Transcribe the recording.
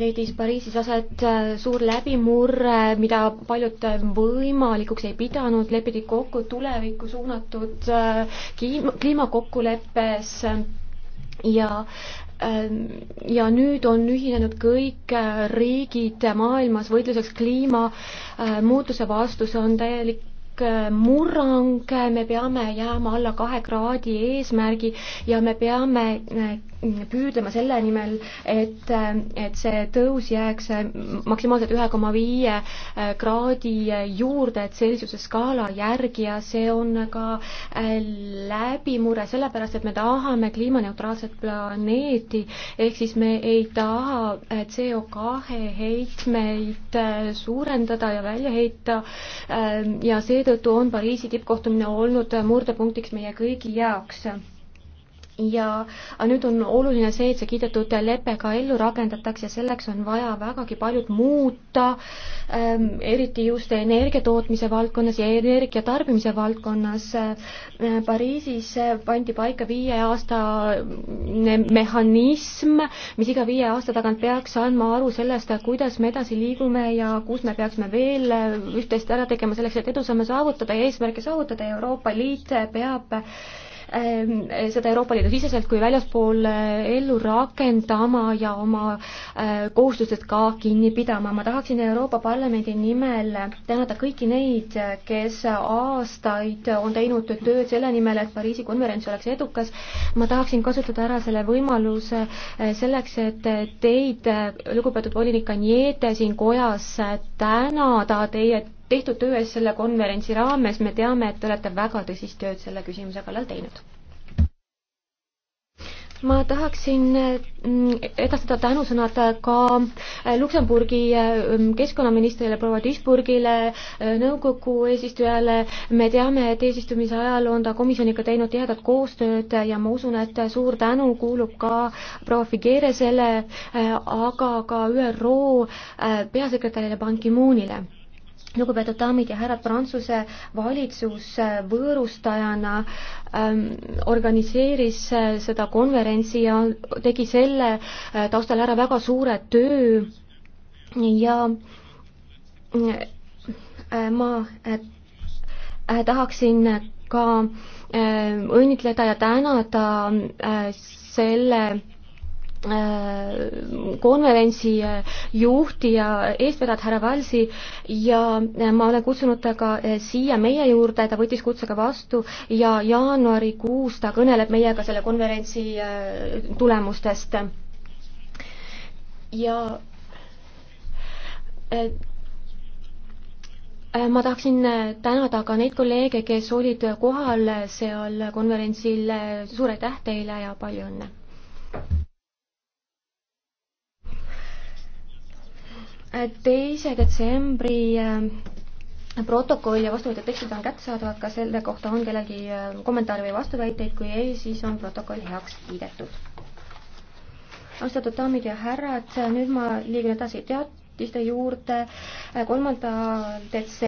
leidis Pariisis aset äh, suur läbimurre, mida paljud äh, võimalikuks ei pidanud, lepiti kokku tulevikku suunatud äh, kliimakokkuleppes ja ähm, ja nüüd on ühinenud kõik riigid maailmas võitluseks kliimamuutuse vastu, see on täielik murrang, me peame jääma alla kahe kraadi eesmärgi ja me peame püüdlema selle nimel, et, et see tõus jääks maksimaalselt ühe koma viie äh, kraadi juurde Celsiuse skaala järgi ja see on ka äh, läbimure, sellepärast et me tahame kliimaneutraalset planeeti, ehk siis me ei taha äh, CO kahe heitmeid suurendada ja välja heita ja seetõttu on Pariisi tippkohtumine olnud murdepunktiks meie kõigi jaoks ja nüüd on oluline see, et see kiidetud lepe ka ellu rakendatakse, selleks on vaja vägagi paljud muuta, ähm, eriti just energiatootmise valdkonnas ja energia tarbimise valdkonnas. Äh, Pariisis äh, pandi paika viieaastane mehhanism, mis iga viie aasta tagant peaks andma aru sellest, kuidas me edasi liigume ja kus me peaksime veel äh, üht-teist ära tegema selleks, et edu saame saavutada ja eesmärke saavutada ja Euroopa Liit peab Ähm, seda Euroopa Liidu siseselt kui väljaspool äh, ellu rakendama ja oma äh, kohustustest ka kinni pidama. ma tahaksin Euroopa Parlamendi nimel tänada kõiki neid, kes aastaid on teinud tööd selle nimel, et Pariisi konverents oleks edukas. ma tahaksin kasutada ära selle võimaluse äh, selleks, et teid, lugupeetud volinik Aniete siin kojas tänada teie tehtud töö eest selle konverentsi raames, me teame, et te olete väga tõsist tööd selle küsimuse kallal teinud. ma tahaksin mm, edastada tänusõnad ka äh, Luksemburgi äh, keskkonnaministrile proua Duisburgile, äh, nõukogu eesistujale, me teame, et eesistumise ajal on ta komisjoniga teinud tihedat koostööd ja ma usun, et suur tänu kuulub ka proua Figueresele, aga ka ÜRO peasekretärile Ban Ki-moonile lugupeetud daamid ja härrad, Prantsuse valitsus äh, võõrustajana ähm, organiseeris äh, seda konverentsi ja tegi selle äh, taustal ära väga suure töö ja äh, ma äh, tahaksin ka äh, õnnitleda ja tänada äh, selle Äh, konverentsi äh, juhti ja eestvedajat härra Valsi ja äh, ma olen kutsunud ta ka siia meie juurde, ta võttis kutse ka vastu ja jaanuarikuus ta kõneleb meiega selle konverentsi tulemustest. ja ma tahaksin tänada ka neid kolleege, kes olid kohal seal konverentsil, suur aitäh teile ja palju õnne! teise detsembri äh, protokoll ja vastuvõetud tekstid on kättesaadavad, kas selle kohta on kellelgi äh, kommentaare või vastuväiteid, kui ei, siis on protokoll heaks kiidetud. austatud daamid ja härrad, nüüd ma liigun edasi teatiste juurde kolmandal detsembril.